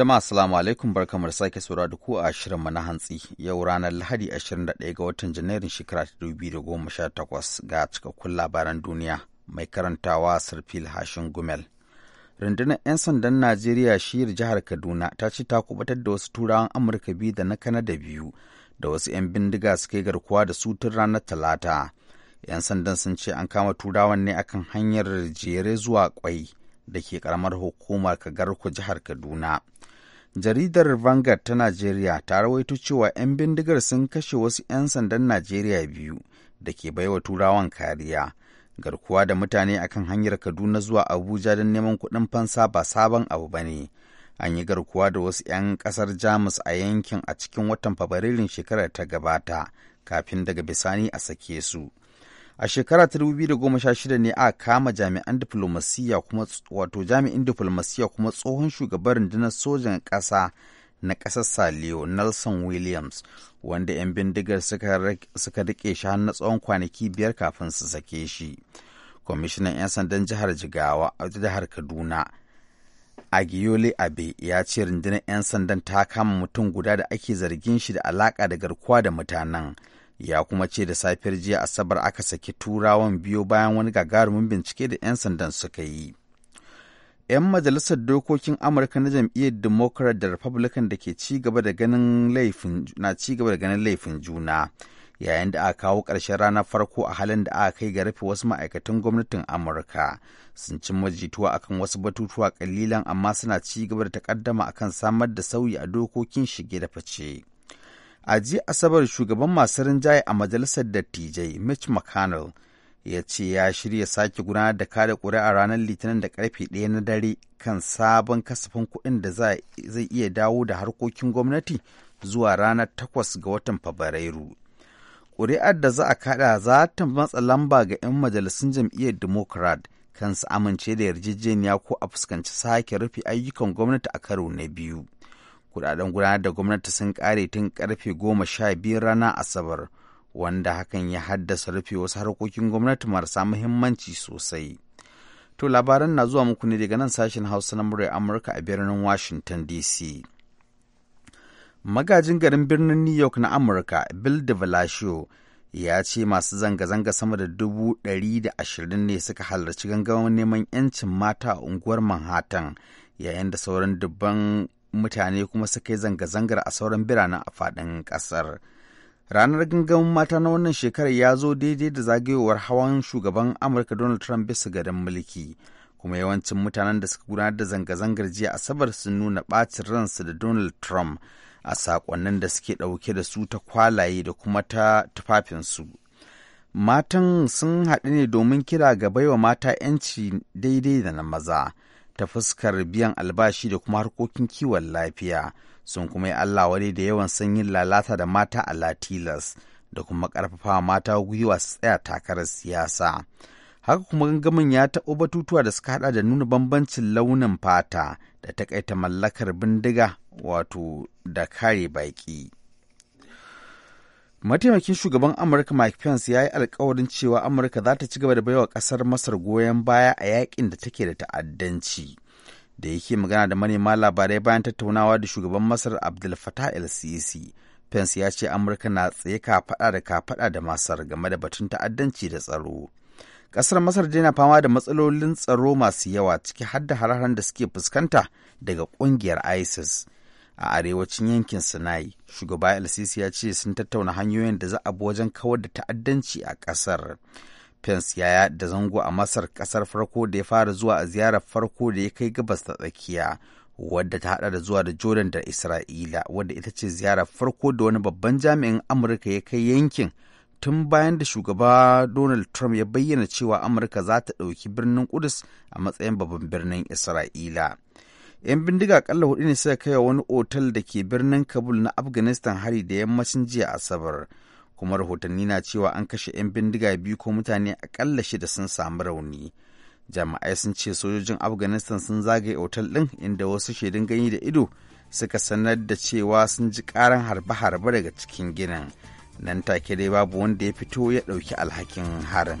Jama'a assalamu alaikum bar kamar sake saura da ku a shirinmu na hantsi yau ranar Lahadi 21 ga watan Janairun shekara ta 2018 ga cikakkun labaran duniya mai karantawa Sarfil Hashin Gumel. Rundunar 'yan sandan Najeriya shiyar jihar Kaduna ta ce ta kubatar da wasu turawan Amurka biyu da na da biyu da wasu 'yan bindiga suka yi garkuwa da su tun ranar Talata. 'Yan sandan sun ce an kama turawan ne akan hanyar jere zuwa kwai da ke karamar hukumar ku jihar Kaduna. jaridar Vanguard ta Najeriya ta rawaito cewa 'yan bindigar sun kashe wasu 'yan sandan Najeriya biyu da ke baiwa turawan kariya. Garkuwa da mutane akan hanyar Kaduna zuwa Abuja don neman kuɗin fansa ba sabon abu ba ne. An yi garkuwa da wasu 'yan ƙasar Jamus a yankin a cikin watan Fabrairun shekarar ta gabata, kafin daga bisani a sake su. a shekara ta 2016 ne a kama jami'an diflomasiyya kuma wato jami'in diflomasiyya kuma tsohon shugaban rundunar sojan ƙasa na ƙasar salio Nelson Williams wanda 'yan bindigar suka rike shi har na tsawon kwanaki biyar kafin su sake shi. Kwamishinan 'yan sandan jihar Jigawa a jihar Kaduna Agiyole Abe ya ce rundunar 'yan sandan ta kama mutum guda da ake zargin shi da alaka da garkuwa da mutanen. ya kuma ce da safiyar jiya asabar aka saki turawan biyo bayan wani gagarumin bincike da 'yan sandan suka yi 'yan majalisar dokokin amurka na jam'iyyar democrat da republican da ke ci gaba da ganin laifin na ci da ganin laifin juna yayin da aka kawo ƙarshen ranar farko a halin da aka kai ga rufe wasu ma'aikatan gwamnatin amurka sun cin majituwa akan wasu batutuwa kalilan amma suna ci gaba da takaddama akan samar da sauyi a dokokin shige da fice a jiya asabar shugaban masu rinjaye a majalisar dattijai mitch mcconnell ya ce ya shirya sake gudanar da kada a ranar litinin da karfe ɗaya na dare kan sabon kasafin kuɗin da zai iya dawo da harkokin gwamnati zuwa ranar takwas ga watan fabrairu kuri'ar da za a kada za ta matsa lamba ga 'yan majalisun jam'iyyar democrat kan su amince da yarjejeniya ko a fuskanci sake rufe ayyukan gwamnati a karo na biyu. kudaden gudanar da gwamnati sun kare tun karfe goma sha biyu rana asabar wanda hakan ya haddasa rufe wasu harkokin gwamnati marasa muhimmanci sosai to labaran na zuwa muku ne daga nan sashen hausa na murya amurka a birnin washington dc magajin garin birnin new york na amurka bill de blasio ya ce masu zanga-zanga sama da dubu ɗari da ashirin ne suka halarci gangamin neman 'yancin mata a unguwar manhattan yayin da sauran dubban mutane kuma suka yi zanga-zangar a sauran biranen a faɗin ƙasar. Ranar gangamin mata na wannan shekarar ya zo daidai da zagayowar hawan shugaban Amurka Donald Trump bisa gadon mulki. Kuma yawancin mutanen da suka gudanar da zanga-zangar jiya Asabar sun nuna ɓacin ransu da Donald Trump a saƙonnin da suke ɗauke da su ta kwalaye da kuma ta tufafinsu. Matan sun haɗu ne domin kira ga baiwa mata 'yanci daidai da na maza. ta fuskar biyan albashi da kuma harkokin kiwon lafiya sun kuma yi Allah wani da yawan sanyin lalata da mata a Latilas da kuma karfafa mata gwiwa su tsaya takarar siyasa. Haka kuma gangamin ya taɓo batutuwa da suka haɗa da nuna bambancin launin fata da takaita mallakar bindiga wato da kare baƙi. mataimakin shugaban amurka mike pence ya yi alkawarin cewa amurka za ta ci gaba da baiwa ƙasar masar goyon baya a yakin da take da ta'addanci da yake magana da manema labarai bayan tattaunawa da shugaban masar abdul fatah el sisi pence ya ce amurka na tsaye kafaɗa da kafaɗa da masar game da batun ta'addanci da tsaro Ƙasar masar dai na fama da matsalolin tsaro masu yawa ciki har da hararen da suke fuskanta daga ƙungiyar isis a arewacin yankin Sinai. Shugaba lcc ya ce sun tattauna hanyoyin da za a bi wajen kawar da ta'addanci a ƙasar. Pence ya da zango a Masar ƙasar farko da ya fara zuwa a ziyarar farko da ya kai gabas ta tsakiya, wadda ta haɗa da zuwa da Jordan da Isra'ila, wadda ita ce ziyarar farko da wani babban jami'in Amurka ya kai yankin tun bayan da shugaba Donald Trump ya bayyana cewa Amurka za ta ɗauki birnin Kudus a matsayin babban birnin Isra'ila. 'yan bindiga akalla hudu ne suka kai wani otal da ke birnin kabul na afghanistan hari da yammacin jiya asabar kuma rahotanni na cewa an kashe 'yan bindiga biyu ko mutane akalla shida sun samu rauni jama'ai sun ce sojojin afghanistan sun zagaye otal ɗin inda wasu shaidun gani da ido suka sanar da cewa sun ji karan harbe-harbe daga cikin ginin nan take dai babu wanda ya fito ya ɗauki alhakin harin.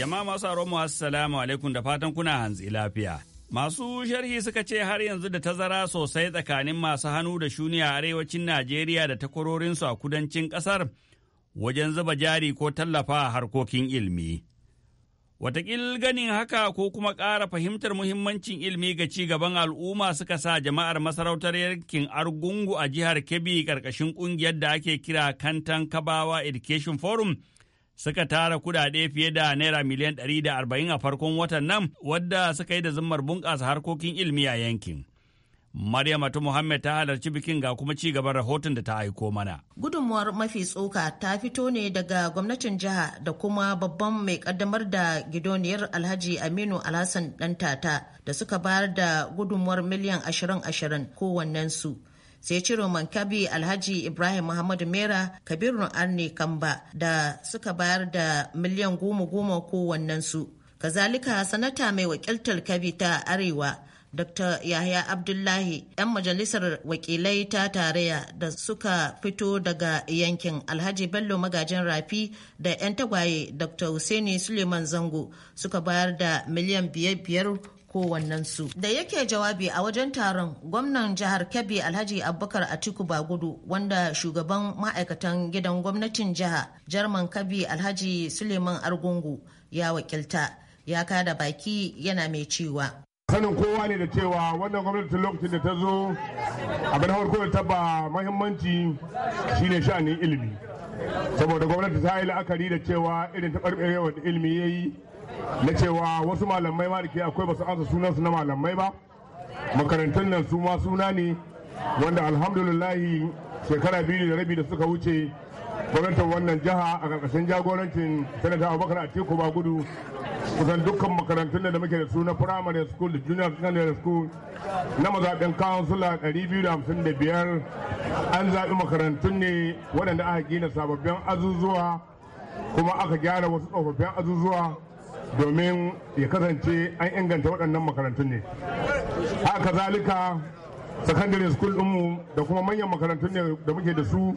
Jama'a masu aromu assalamu alaikum da fatan kuna hantsi lafiya. Masu sharhi suka ce har yanzu da tazara sosai tsakanin masu hannu da shuni a arewacin Najeriya da takwarorinsu a kudancin ƙasar wajen zuba jari ko tallafa harkokin ilimi. Watakil ganin haka ko kuma ƙara fahimtar muhimmancin ilimi ga ci gaban al'umma suka sa jama'ar masarautar yankin Argungu a jihar Kebbi ƙarƙashin ƙungiyar da ake kira Kantan Kabawa Education Forum suka tara kudade fiye da naira miliyan 140 a farkon watan nan wadda suka yi da zimmar bunƙasa harkokin ilmi a yankin. Maryam ta Muhammad ta halarci bikin ga kuma ci gaban rahoton da ta aiko mana. Gudunmuwar mafi tsoka ta fito ne daga gwamnatin jiha da kuma babban mai kaddamar da gidoniyar Alhaji Aminu Alhassan Dantata da suka bayar da gudunmuwar miliyan ashirin ashirin kowannensu. sai ciro mankabi alhaji ibrahim muhammadu mera kabirun arne kamba da suka bayar da miliyan goma goma su. kazalika sanata mai wakiltar kabi ta arewa Dr. Yahya Abdullahi, 'yan majalisar wakilai ta tarayya da suka fito daga yankin Alhaji Bello Magajin Rafi da 'yan tagwaye Dr. Hussaini Suleiman Zango suka bayar da miliyan biyar biyar kowannensu. Da yake jawabi a wajen taron gwamnan jihar Kebbi Alhaji Abubakar Atiku Bagudu wanda shugaban ma'aikatan gidan gwamnatin jiha Jarman Kabi Alhaji Suleiman Argungu ya wakilta ya kada baki yana mai cewa. sanin kowa ne da cewa wannan gwamnati lokacin da ta zo abin farko da ta ba mahimmanci shine sha'anin ilimi saboda gwamnati ta yi la'akari da cewa irin ta yawan ilimi ya yi na cewa wasu malamai ma da ke akwai basu ansa sunansu na malamai ba makarantun nan su ma suna ne wanda alhamdulillahi shekara biyu da rabi da suka wuce gwamnatin wannan jiha a ƙarƙashin jagorancin sanata abubakar atiku ba gudu kusan dukkan makarantun da muke da su na primary school da junior secondary school na mazaɓin kansula 255 an zaɓi makarantun ne waɗanda aka gina sababbin azuzuwa kuma aka gyara wasu tsofaffin azuzuwa domin ya kasance an inganta waɗannan makarantun ne haka zalika secondary school ɗinmu da kuma manyan makarantun ne da muke da su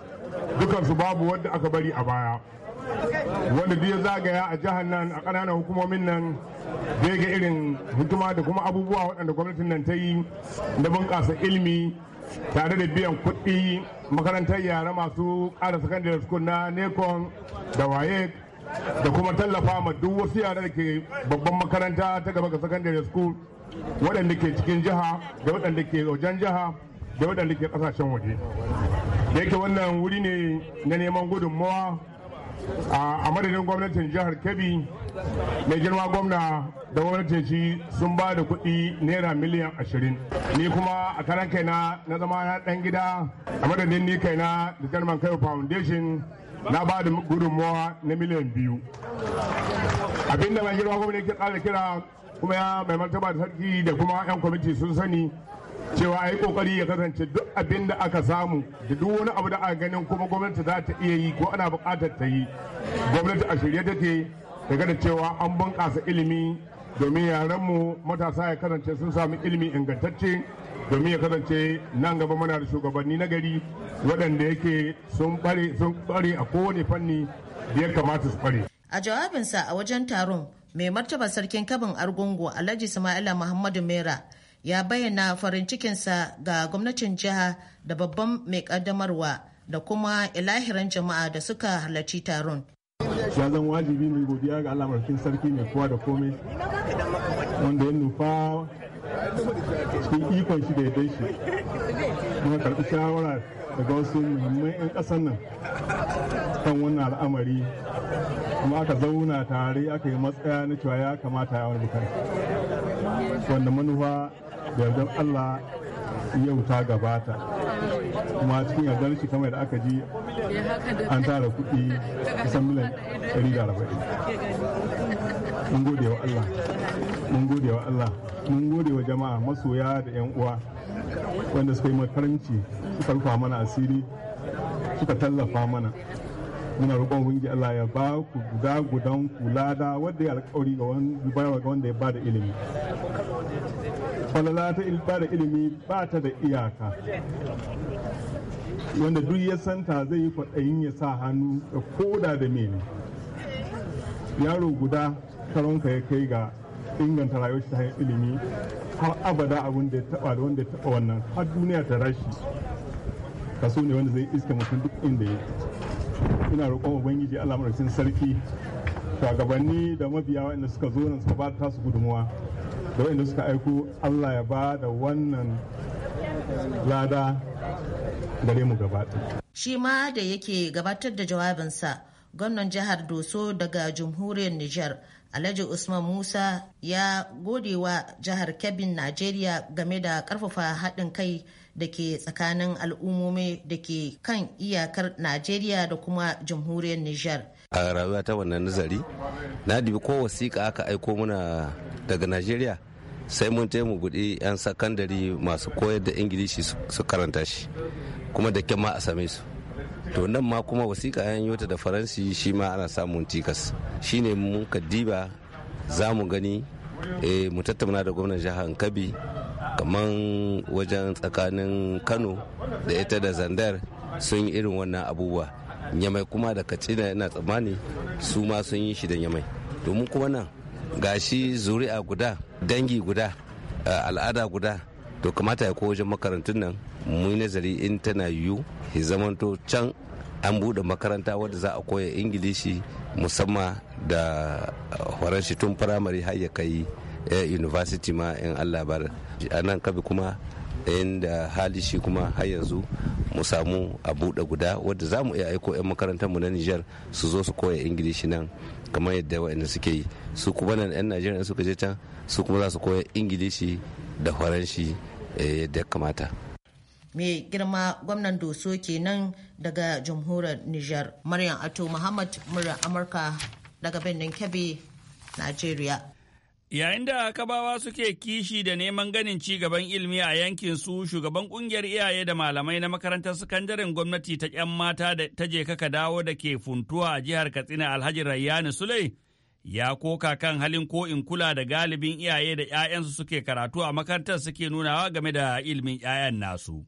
dukansu babu wadda aka bari a baya wanda duk ya zagaya a jihar nan a ƙananan hukumomin nan zai ga irin hikima da kuma abubuwa waɗanda gwamnatin nan ta yi da bunƙasa ilimi tare da biyan kuɗi makarantar yara masu ƙara secondary school na nekon da waye da kuma tallafa ma duk wasu yara da ke babban makaranta ta gaba ga secondary school waɗanda ke cikin jiha da waɗanda ke wajen jiha da waɗanda ke ƙasashen waje da yake wannan wuri ne na neman gudunmawa a madadin gwamnatin jihar kebbi mai girma gwamna da gwamnatin shi sun ba da kuɗi naira miliyan ashirin ni kuma a karan kaina na zama na ɗan gida a madadin ni kaina da german kai foundation na ba da gudunmawa na miliyan biyu abinda mai girma gwamnati ya kara kira kuma ya mai martaba da sarki da kuma 'yan kwamiti sun sani cewa a yi kokari ya kasance duk abin da aka samu da duk wani abu da aka ganin kuma gwamnati za ta iya yi ko ana buƙatar ta yi gwamnati a shirye take daga da cewa an bunƙasa ilimi domin yaranmu matasa ya kasance sun samu ilimi ingantacce domin ya kasance nan gaba muna da shugabanni na gari waɗanda yake sun bare a kowane fanni da ya kamata su bare. A jawabinsa a wajen taron mai martaba sarkin kabin argungu Alhaji samaila Muhammadu Mera ya bayyana farin cikinsa ga gwamnatin jiha da babban mai kaddamarwa da kuma ilahiran jama'a da suka halarci taron. Ya zan wajibi mai godiya ga alamarkin sarki mai kowa da komai wanda ya nufa cikin ikon shi da dai shi muka karɓi shawara daga wasu muhimman 'yan ƙasar nan kan wannan al'amari kuma aka zauna tare aka yi matsaya na cewa ya kamata ya wani wanda manufa da yardar Allah yau ta gabata kuma cikin yardar shi kamar da aka ji an tara kuɗi kusan miliyan 140 mun gode wa Allah mun gode wa jama'a masoya da yan uwa wanda suka yi makaranci suka rufa mana asiri suka tallafa mana muna roƙon wungi Allah ya ba ku guda gudan kula da wanda ya alƙawari ga wanda ya bada ilimi falala ta bada ilimi ba ta da iyaka wanda duk ya santa zai yi kwaɗayin ya sa hannu da koda da mene yaro guda karonka ya kai ga inganta rayuwar ta hanyar ilimi har abada abin da ya taba da wanda ya taba wannan har duniya ta rashi kaso ne wanda zai iska mutum duk inda ya ina roƙon ubangiji Allah madaukakin sarki shugabanni da mabiya wa'inda suka zo nan suka ba ta su gudunmuwa da wa'inda suka aiko Allah ya ba da wannan lada gare mu gabata. Shi ma da yake gabatar da jawabinsa gwamnan jihar Doso daga jamhuriyar Nijar Alhaji Usman Musa ya gode wa jihar Kebbin Najeriya game da karfafa haɗin kai da ke tsakanin al'ummomi da ke kan iyakar Najeriya da kuma jamhuriyar Nijar. A rayuwa ta wannan nazari, na dubi ko wasiƙa aka aiko mana daga Najeriya sai mun je mu buɗi 'yan sakandare masu koyar da Ingilishi su karanta shi, kuma da ma a same su. to nan ma kuma wasiƙa yan yota da faransi shi ma ana samun tikas shine mun ka za mu gani eh, mu tattauna da gwamnan jihar kabi kamar wajen tsakanin kano da ita da zandar sun yi irin wannan abubuwa nyamai kuma da katsina yana tsammani su ma sun yi shi da yamai domin kuma nan gashi zuri'a guda dangi guda eh, al'ada guda to kamata ya wajen makarantun nan mu yi nazari in tana yiwu zamanto can an buɗe makaranta wadda za a koya ingilishi musamman da faranshi uh, tun firamare har ya kai eh, university ma in allah bar a nan kabi kuma inda hali shi kuma har yanzu mu samu a buɗe guda wadda za mu iya aiko 'yan makarantar mu na Nijar su zo su koya ingilishi nan kamar yadda waɗanda suke yi su kuma nan 'yan Najeriya suka je can su kuma za su koya ingilishi da faranshi eh, yadda ya kamata. mai girma gwamnan doso kenan daga jamhuriyar niger maryam ato muhammad murya amurka daga birnin kebe nigeria Yayin da kabawa suke kishi da neman ganin ci gaban ilimi a yankin su shugaban kungiyar iyaye da malamai na makarantar sakandaren gwamnati ta ‘yan mata da ta je kaka dawo da ke funtuwa a jihar Katsina Alhaji Rayyani sulai ya koka kan halin ko in kula da galibin iyaye da ‘ya'yansu suke karatu a makarantar suke nunawa game da ilimin ‘ya'yan nasu.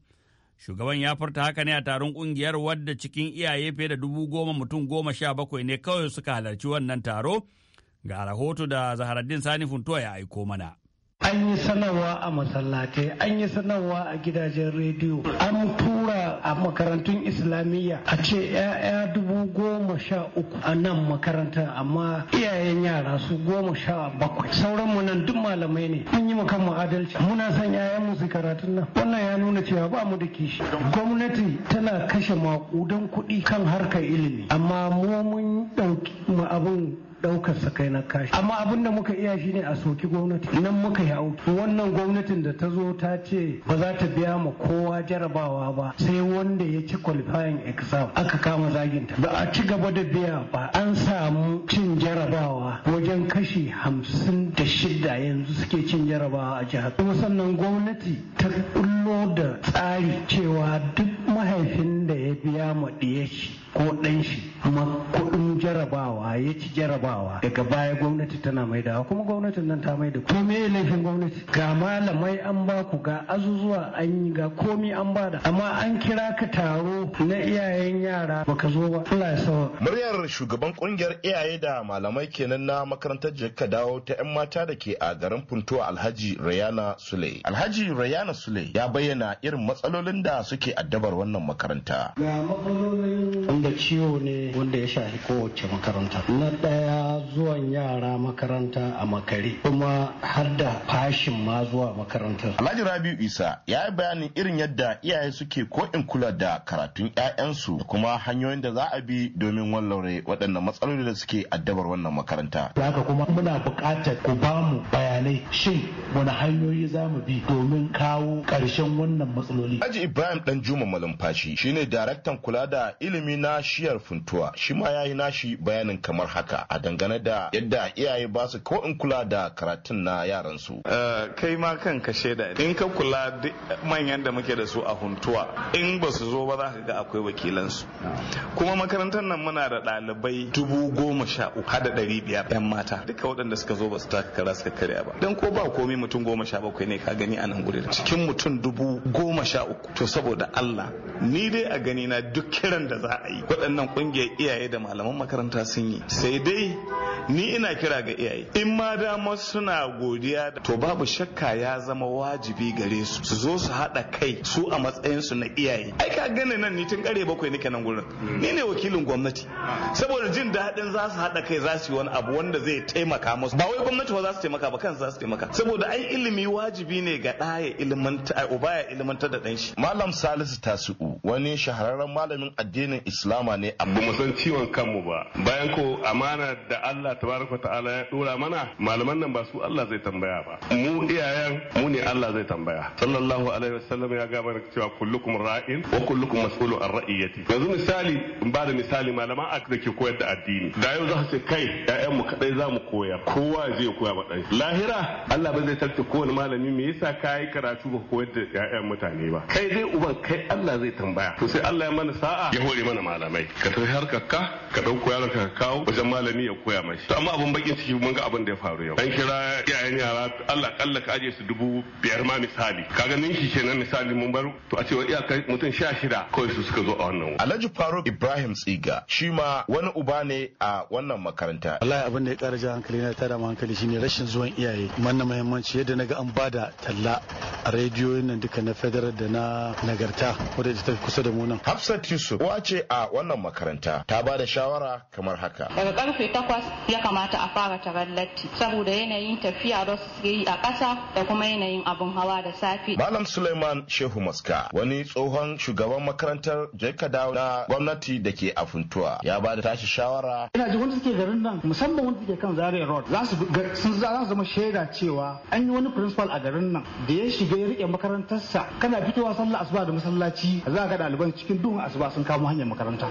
Shugaban ya furta haka ne a taron kungiyar wadda cikin iyaye fiye da dubu goma mutum goma sha bakwai ne kawai suka halarci wannan taro ga rahoto da Zaharaddin Sani Funtuwa ya aiko mana. an yi sanarwa a masallatai an yi sanarwa a gidajen rediyo an tura a makarantun islamiyya a ce 'ya'ya dubu goma sha uku a nan makaranta amma iyayen yara su goma sha bakwai sauran mu nan duk malamai ne mun yi kan mu adalci muna son 'ya'yan mu su karatun nan wannan ya nuna cewa ba mu da kishi gwamnati tana kashe makudan kuɗi kan harkar ilimi amma mu mun ɗauki abin ɗaukar sa kai na kashi amma abin da muka iya shine a soki gwamnati nan muka yi auki wannan gwamnatin da ta zo ta ce ba za ta biya ma kowa jarabawa ba sai wanda ya ci qualifying exam aka kama zaginta ba a ci gaba da biya ba an samu cin jarabawa wajen kashi hamsin da shida yanzu suke cin jarabawa a jihar kuma sannan gwamnati ta samo da tsari cewa duk mahaifin da ya biya ma shi ko ɗan shi kuma kuɗin jarabawa ya ci jarabawa daga baya gwamnati tana mai da kuma gwamnatin nan ta maida to me laifin gwamnati ga malamai an ba ku ga azuzuwa an yi ga komi an bada amma an kira ka taro na iyayen yara baka zo ba Allah ya sawa muryar shugaban kungiyar iyaye da malamai kenan na makarantar ka dawo ta yan mata da ke a garin Puntuwa Alhaji Rayana Sule Alhaji Rayana Sule ya bayyana irin matsalolin da suke addabar wannan makaranta. Ga matsalolin wanda ciwo ne wanda ya shafi kowace makaranta. Na ɗaya zuwan yara makaranta a makare kuma har da fashin ma zuwa makarantar. Alhaji Rabiu Isa ya yi bayanin irin yadda iyaye suke ko in kula da karatun 'ya'yansu kuma hanyoyin da za a bi domin wallaure waɗannan matsaloli da suke addabar wannan makaranta. Haka kuma muna buƙatar ku ba mu bayanai shin wani hanyoyi za mu bi domin kawo ƙarshen ƙarshen wannan matsaloli. Haji Ibrahim Dan Juma Malumfashi shine daraktan kula da ilimi na shiyar funtuwa shi ma yayi nashi bayanin kamar haka a dangane da yadda iyaye ba su ko in kula da karatun na yaran su. Eh, kai ma kan kashe shaida in ka kula manyan da muke da su a huntuwa in ba su zo ba za ka ga akwai wakilan su. Kuma makarantar nan muna da ɗalibai dubu goma sha uku hada ɗari biyar 'yan mata duka waɗanda suka zo ba su taka kara suka karya ba. idan ko ba komai mutum goma sha bakwai ne ka gani a nan gurin cikin mutum dubu dubu goma sha uku to saboda Allah ni dai a gani na duk kiran da za a yi waɗannan ƙungiyar iyaye da malaman makaranta sun yi sai dai ni ina kira ga iyaye in ma dama suna godiya da. to babu shakka ya zama wajibi gare su su zo su haɗa kai su a matsayin su na iyaye ai ka gane nan ni tun kare bakwai nake nan gurin mm. ni ne wakilin gwamnati saboda jin daɗin za su haɗa kai za su yi wani abu wanda zai taimaka musu ba wai gwamnati ba za su taimaka ba kansu za su taimaka saboda ai ilimi wajibi ne ga ɗaya ilimin baya ilmantar da ɗanshi. malam salisu tasu'u wani shahararren malamin addinin islama ne amma mu san ciwon kanmu ba bayan ko amana da Allah tabaraka ta'ala ya dora mana malaman nan ba su Allah zai tambaya ba mu iyayen mu ne Allah zai tambaya sallallahu alaihi wasallam ya gaba da cewa kullukum ra'in wa kullukum mas'ulun an ra'iyati yanzu misali in ba da misali malaman a da ke koyar da addini da yau za su ce kai ƴaƴan mu kadai za mu koya kowa zai koya ma ɗan. lahira Allah ba zai tarta kowane malami me yasa kai karatu ba koyar da 'ya'yan mutane ba kai dai uban kai Allah zai tambaya to sai Allah ya mana sa'a ya hore mana malamai ka tafi harka ka ka dauko yaron ka kawo wajen malami ya koya mashi to amma abun bakin ciki mun ga abin da ya faru yau an kira iyayen yara Allah kalla ka aje su dubu biyar ma misali ka kaga ninki kenan misali mun baro to a cewa iyaka mutum sha shida kawai su suka zo a wannan Alhaji Faruk Ibrahim Tsiga shi ma wani uba ne a wannan makaranta wallahi abin da ya kara ja hankali na tada hankali shine rashin zuwan iyaye manna muhimmanci yadda naga an bada talla a rediyoyin nan duka na federal da na nagarta wadda ta kusa da mu nan. Hafsat Yusuf ce a wannan makaranta ta ba da shawara kamar haka. Daga karfe takwas ya kamata a fara taron latti saboda yanayin tafiya da su yi a ƙasa da kuma yanayin abun hawa da safe. Malam Suleiman Shehu Maska wani tsohon shugaban makarantar Jaikadawa na gwamnati da ke Afuntuwa ya ba da tashi shawara. Ina ji wanda suke garin nan musamman wanda suke kan Zaria Road za su zama shaida cewa an yi wani principal a garin nan da ya shiga ya riƙe makarantar makarantarsa kana fitowa sallah asuba da masallaci za ka ɗaliban cikin duhun asuba sun kamo hanyar makaranta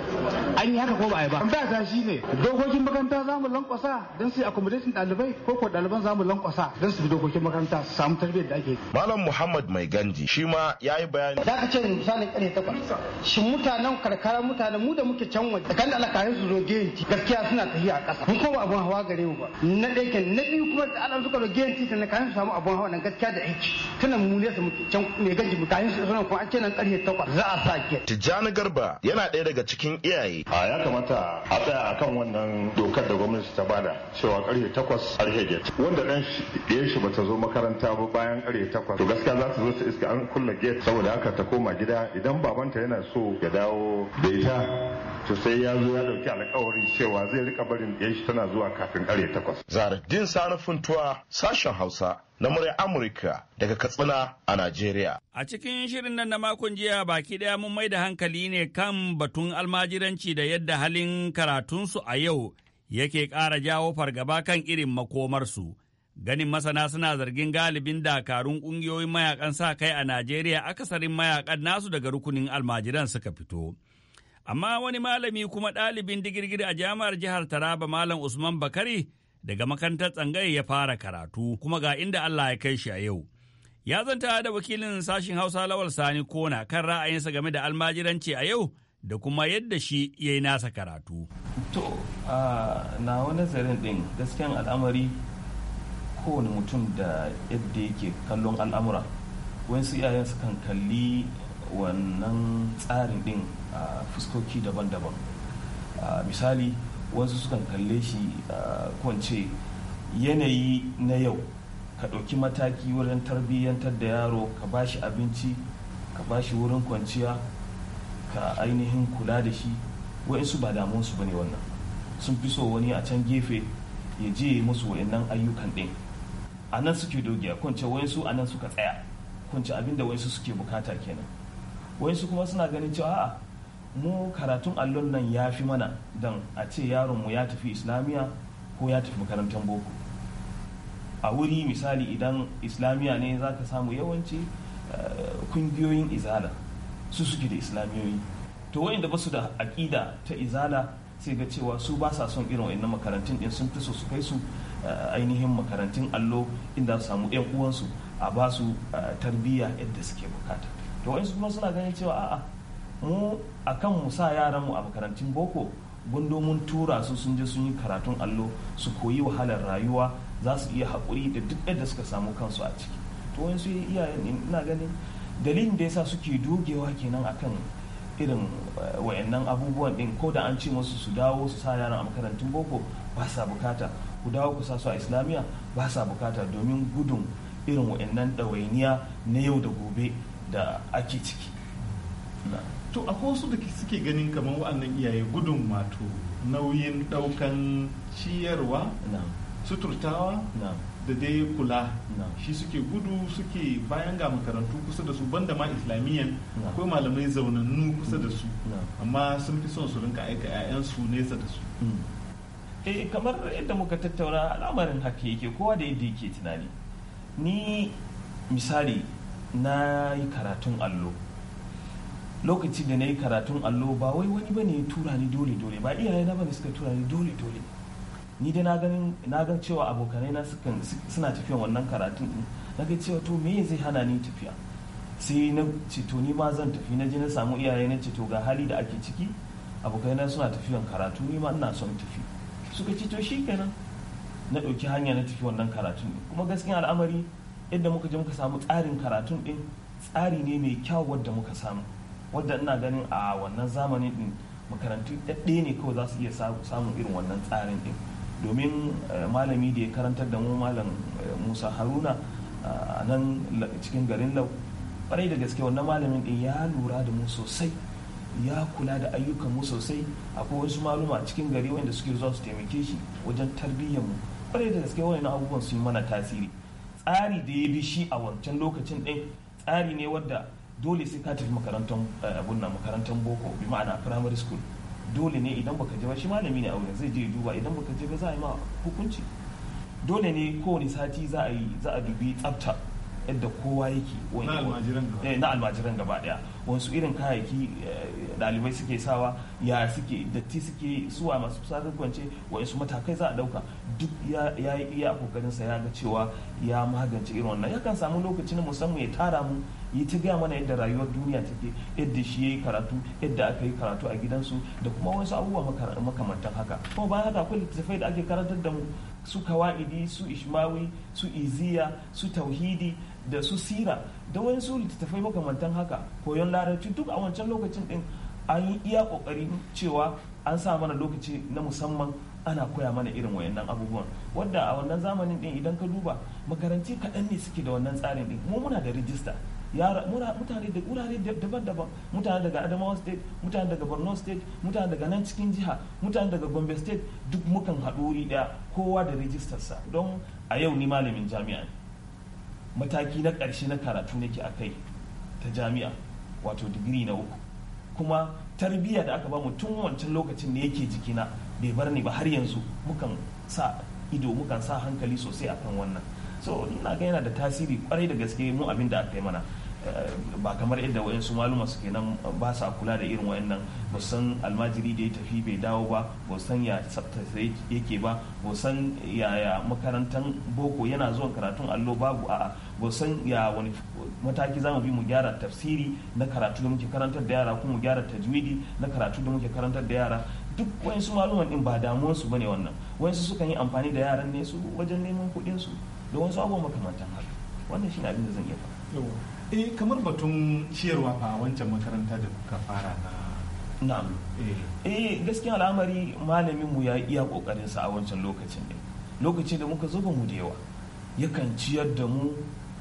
an yi haka ko ba a yi ba tambaya ta shine dokokin makaranta za mu lankwasa don su accommodation ɗalibai ko ko ɗaliban za mu lankwasa don su bi dokokin makaranta su samu tarbiyyar da ake malam muhammad mai ganji shi ma ya yi bayani za ka ce misalin ƙarfe takwas shi mutanen karkara mutanen mu da muke can waje kan da alakarin su rogeyanti gaskiya suna tafiya a ƙasa mun ba abun hawa gare mu ba na ɗaya na biyu kuma da alam suka rogeyanti ta na kan su samu abun hawa nan gaskiya da aiki tana mu ne su muke can mai mu kayan suna kuma an ce nan karfe takwas za a sa Tijjani Garba yana ɗaya daga cikin iyaye. A ya kamata a tsaya kan wannan dokar da gwamnati ta bada cewa karfe takwas karfe biyar. Wanda ɗan ɗaya shi bata zo makaranta ba bayan karfe takwas. To gaskiya za ta zo su iska an kulle gate saboda haka ta koma gida idan babanta yana so ya dawo da ita to sai ya zo ya dauki alkawari cewa zai rika barin ɗiyar shi tana zuwa kafin karya takwas. Zaradin Sani tuwa sashen Hausa na murya Amurka daga Katsina a Najeriya. A cikin shirin nan na makon jiya baki ɗaya mun mai da hankali ne kan batun almajiranci da yadda halin karatunsu a yau yake ƙara jawo fargaba kan irin makomarsu. Ganin masana suna zargin galibin dakarun ƙungiyoyin mayakan sa kai a Najeriya akasarin mayakan nasu daga rukunin almajiran suka fito. Amma wani malami kuma ɗalibin digirgir a jami'ar jihar Taraba Malam Usman Bakari daga makarantar tsangaye ya fara karatu kuma ga inda Allah ya kai shi a yau. Ya zanta da wakilin sashin Hausa Lawal Sani Kona kan ra'ayinsa game da almajiranci a yau da kuma yadda shi ya yi nasa karatu. To, na wani zarin ɗin gaskiyan al'amari kowane mutum da yadda yake kallon al'amura. Wani iyayen kan kalli wannan tsarin ɗin fuskoki daban-daban misali wasu sukan kalle shi kwance yanayi na yau ka ɗauki mataki wurin tarbiyyantar da yaro ka ba shi abinci ka ba shi wurin kwanciya ka ainihin kula da shi wa'insu ba damunsu ba ne wannan sun fi so wani a can gefe ya je musu wa'annan ayyukan ɗin a nan suke dogiya kwance wa'insu a nan suka tsaya kwance abin da wa'insu suke bukata kenan wa'insu kuma suna ganin cewa a'a mu karatun allon nan ya fi mana don a ce yaronmu ya tafi islamiyya ko ya tafi makarantar boko a wuri misali idan islamiyya ne za ka samu yawanci eh, kungiyoyin izala su suke da islamiyoyi to wayanda ba su da aƙida ta izala sai ga cewa su ba sa son irin wayannan makarantun din sun fi su kai su eh, ainihin makarantun allo inda su samu yan uwansu a ba su eh, tarbiyya yadda suke bukata to wayansu kuma suna ganin cewa a'a mu akan mu sa yaran mu a makarantun boko gundo mun tura su sun je sun yi karatun allo su koyi wahalar rayuwa za su iya haƙuri da duk yadda suka samu kansu a ciki to wani su iyayen ina ganin dalilin da yasa suke dogewa kenan akan irin eh, wayannan abubuwan din ko da an ce musu su dawo su sa yaran a makarantun boko ba sa bukata ku dawo ku sa su a islamiyya ba sa bukata domin gudun irin wayannan ɗawainiya na yau da gobe da ake ciki. to akwai wasu da suke ganin kamar wa'annan iyaye gudun wato nauyin daukan ciyarwa suturtawa da dai kula shi suke gudu suke bayan ga makarantu kusa da su banda ma islamiyyan akwai malamai zaunannu kusa da su amma sun fi son su rinka aika 'ya'yansu nesa da su hmm. eh kamar yadda muka tattauna al'amarin haka yake kowa da yadda yake tunani ni misali na yi karatun allo lokaci da na yi karatun allo ba wai wani ba ne tura ni dole dole ba iyaye na ne suka tura ni dole dole ni da na gan cewa abokanai na suna tafiya wannan karatun din na ga cewa to me zai hana ni tafiya sai na ce to ni ma zan tafi na je na samu iyaye na ce to ga hali da ake ciki abokanai na suna tafiyan karatu ni ma ina son tafi suka ce to shikenan na ɗauki hanya na tafi wannan karatun din kuma gaskiya al'amari yadda muka je muka samu tsarin karatun din tsari ne mai kyau wadda muka samu wadda ina ganin a wannan zamani din makarantu ɗaɗɗe ne kawai za su iya samun irin wannan tsarin din domin eh, malami da ya karantar da mu malam eh, musa haruna a nan cikin garin lau ƙwarai da gaske wannan malamin din ya lura da mu sosai ya kula da ayyukan mu sosai akwai wasu maluma a cikin gari wanda suke zuwa su taimake shi wajen tarbiyyar mu ƙwarai da gaske wani abubuwan su yi mana tasiri tsari da ya bi shi a wancan lokacin ɗin tsari ne wadda dole sai ka tafi makarantar eh, abun na makarantar boko bi ma'ana primary school dole ne idan baka je ba shi malami ne a wurin zai je duba idan baka je ba za a yi ma hukunci dole ne kowane sati za a yi za a dubi tsafta yadda kowa yake na almajiran gaba daya eh, wasu irin kayayyaki dalibai eh, suke sawa ya suke datti suke suwa masu sakarkwance wasu matakai za a dauka duk ya yi iya kokarin sa ya ga cewa ya magance irin wannan yakan samu lokacin musamman ya tara mu yi ta gaya mana yadda rayuwar duniya take yadda shi ya yi karatu yadda aka yi karatu a gidansu da kuma wasu abubuwa makamantan haka kuma bayan haka akwai littattafai da ake karantar da mu su kawa'idi su ishmawi su iziya su tauhidi da su sira da wasu littattafai makamantan haka koyon larabci duk a wancan lokacin din an yi iya kokari cewa an sa mana lokaci na musamman ana koya mana irin wayannan abubuwan wadda a wannan zamanin din idan ka duba makaranti kaɗan ne suke da wannan tsarin din mu muna da rijista mutane da wurare daban-daban mutane daga adamawa state mutane daga borno state mutane daga nan cikin jiha mutane daga gombe state duk mukan haɗu wuri ɗaya kowa da rijistarsa don a yau ni malamin jami'a mataki na ƙarshe na karatu nake a kai ta jami'a wato digiri na uku kuma tarbiyya da aka ba mu tun wancan lokacin da yake jikina bai bar ni ba har yanzu mukan sa ido mukan sa hankali sosai akan wannan so na ga yana da tasiri kwarai da gaske mu abin da aka yi mana eh, ba kamar yadda waɗansu maluma su nan ba sa kula da irin waɗannan ba san almajiri da ya tafi bai dawo ba ba san ya yake ba ba san yaya makarantar boko yana zuwan karatun allo babu a ba san ya wani mataki za mu bi mu gyara tafsiri na karatu da muke karantar da yara ko mu gyara tajwidi na karatu da muke karantar da yara duk waɗansu maluman din ba damuwarsu bane wannan waɗansu sukan yi amfani da yaran ne su wajen neman kuɗin su da wasu abubuwa makamantan haka wannan shi ne abin da zan iya faɗa eh kamar batun ciyarwa ba wancan makaranta da kuka fara na na'am eh, eh gaskiya al'amari malamin mu ya iya kokarin sa a wancan lokacin ne lokacin da muka zuba mu da yawa yakan ciyar da mu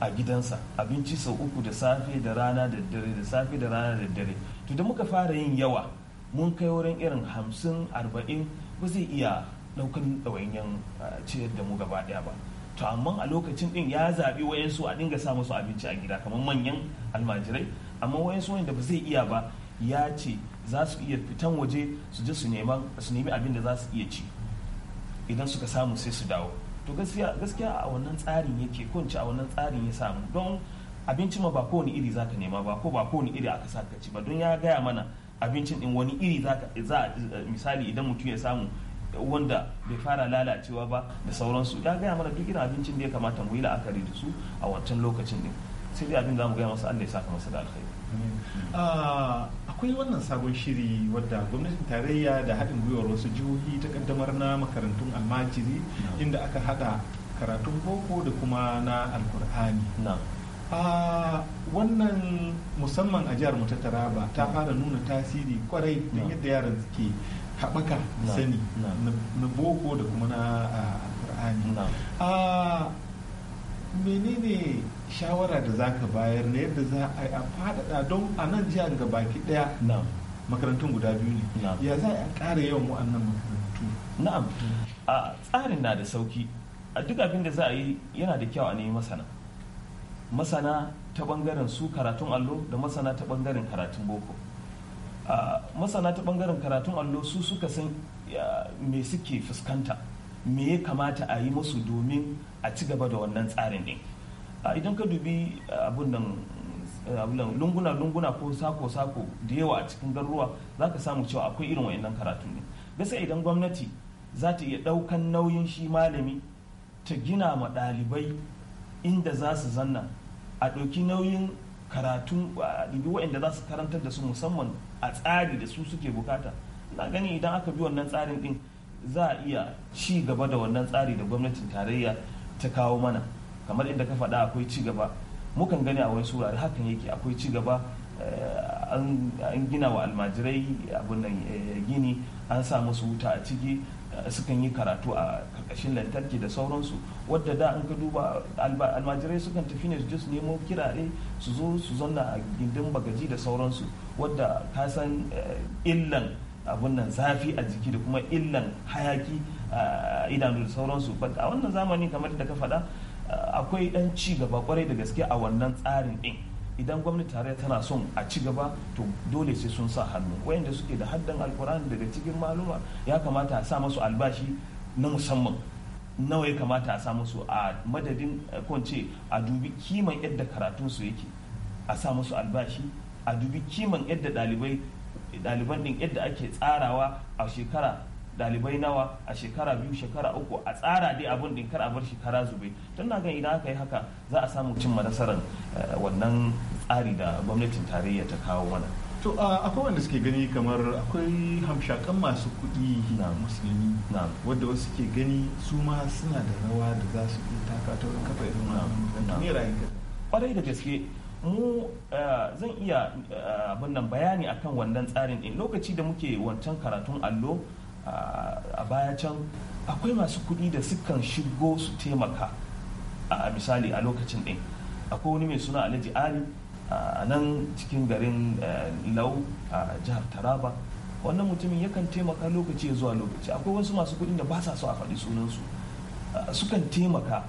a gidansa abinci sau uku da safe da rana da dare da safe da rana da dare to da muka fara yin yawa mun kai wurin irin hamsin arba'in ba zai iya daukan ɗawainiyar ah, ciyar da mu gaba ɗaya ba to amma a lokacin din ya zaɓi wayansu a dinga sa musu abinci a gida kamar manyan almajirai amma wayansu wanda ba zai iya ba ya ce za su iya fitan waje su je su nemi abin da za su iya ci idan suka samu sai su dawo to gaskiya a wannan tsarin yake ko a wannan tsarin ya samu don abinci ma ba kowane iri za ka nema ba ko ba kowane iri aka sa ka ci ba don ya gaya mana abincin din wani iri za misali idan mutum ya samu wanda bai fara lalacewa ba da sauransu ya gaya mana duk irin abincin da ya kamata mu yi la'akari da su a wancan lokacin ne sai dai abin za mu gaya masa Allah ya saka masa da alkhairi ah, akwai wannan sabon shiri wadda gwamnatin tarayya da haɗin gwiwar wasu jihohi ta kaddamar na makarantun almajiri inda aka haɗa karatun boko da kuma na alkur'ani a ah, wannan musamman a jihar mu ta taraba ta fara nuna tasiri kwarai da yadda yaran suke haɓaka sani na boko da kuma na ƙur'ani a menene shawara da za ka bayar na yadda za a yi a faɗaɗa don a nan jiya ga baki ɗaya makarantun guda biyu ne ya za a ƙara yawan wa'annan makarantu na'am a tsarin na da sauki a duk abin da za a yi yana da kyau a nemi masana masana ta bangaren su karatun allo da masana ta bangaren karatun boko masana ta bangaren karatun allo su suka san me suke fuskanta me ya kamata a yi musu domin a ci gaba da wannan tsarin din idan ka dubi abun lunguna-lunguna ko sako-sako da yawa a cikin garuruwa za ka samu cewa akwai irin wa'in karatun ne gasa idan gwamnati za ta iya ɗaukan nauyin shi malami ta gina ma ɗalibai inda za su zanna a ɗauki nauyin karatun dubi waɗanda za su karantar da su musamman a tsari da su suke bukata na gani idan aka bi wannan tsarin ɗin za a iya ci gaba da wannan tsari da gwamnatin tarayya ta kawo mana kamar inda ka faɗa akwai ci gaba mukan gani a wani surare hakan yake akwai ci gaba eh, an gina wa almajirai abin nan eh, gini an sa musu wuta a ciki eh, sukan yi karatu a kashin lantarki da sauransu wadda da an ka duba almajirai sukan tafi ne su je su nemo kirare su zo su zanna a gindin bagaji da sauransu wadda ka san eh, illan abun nan zafi a jiki da kuma illan hayaki a idanu da sauransu a wannan zamani kamar da ka faɗa eh, akwai ɗan ci gaba kwarai da gaske a wannan tsarin din idan gwamnati tare tana son a ci gaba to dole sai sun sa hannu wayanda suke da haddan alkur'ani daga cikin maluma ya kamata a sa masu albashi na musamman nawa ya kamata a samu su a madadin eh, kwance a dubi kiman yadda karatun su yake a sa musu albashi a dubi kiman yadda dalibai ɗaliban yadda ake tsarawa a shekara dalibai nawa a shekara biyu shekara uku a tsara dai abin din kar a bar shekara zube don na gan idan aka yi haka za a samu cimma nasarar eh, wannan tsari da gwamnatin tarayya ta kawo mana to akwai wanda suke gani kamar akwai hamshakan masu kuɗi na musulmi wadda wasu ke gani su ma suna da rawa da za su yi taka ta wani kafa irin kwarai da gaske mu zan iya abin nan bayani akan wannan tsarin ɗin lokaci da muke wancan karatun allo a baya can akwai masu kuɗi da sukan shigo su taimaka a misali a lokacin ɗin akwai wani mai suna alhaji ali a ah, nan cikin garin eh, lau a jihar taraba wannan mutumin yakan taimaka lokaci zuwa lokaci akwai wasu masu kuɗi da ba sa so a faɗi sunansu ah, sukan taimaka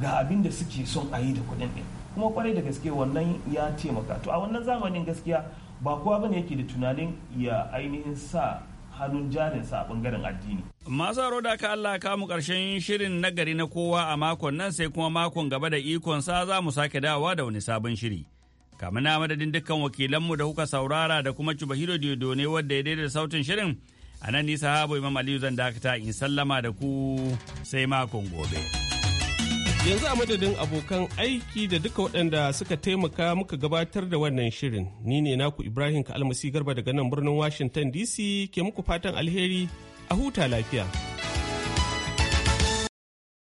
ga abin da suke son a yi da kuɗin ɗin kuma kwarai da gaske wannan ya taimaka to a wannan zamanin gaskiya ba kowa bane yake da tunanin ya ainihin sa hannun jarinsa a bangaren addini. Masu haro da aka Allah kamu karshen shirin nagari na kowa a makon nan sai kuma makon gaba da ikon sa za mu sake dawa da wani sabon shiri. Kamar na madadin dukkan wakilanmu da kuka saurara da kuma Cibahiro Diodo ne wadda ya daidaita sautin shirin. A nan nisa habu Imam Aliyu zan dakata in sallama da ku sai makon gobe. Yanzu a madadin abokan aiki da duka waɗanda suka taimaka muka gabatar da wannan shirin. Ni ne naku Ibrahim ka almasi Garba daga nan birnin Washington DC ke muku fatan alheri a huta lafiya.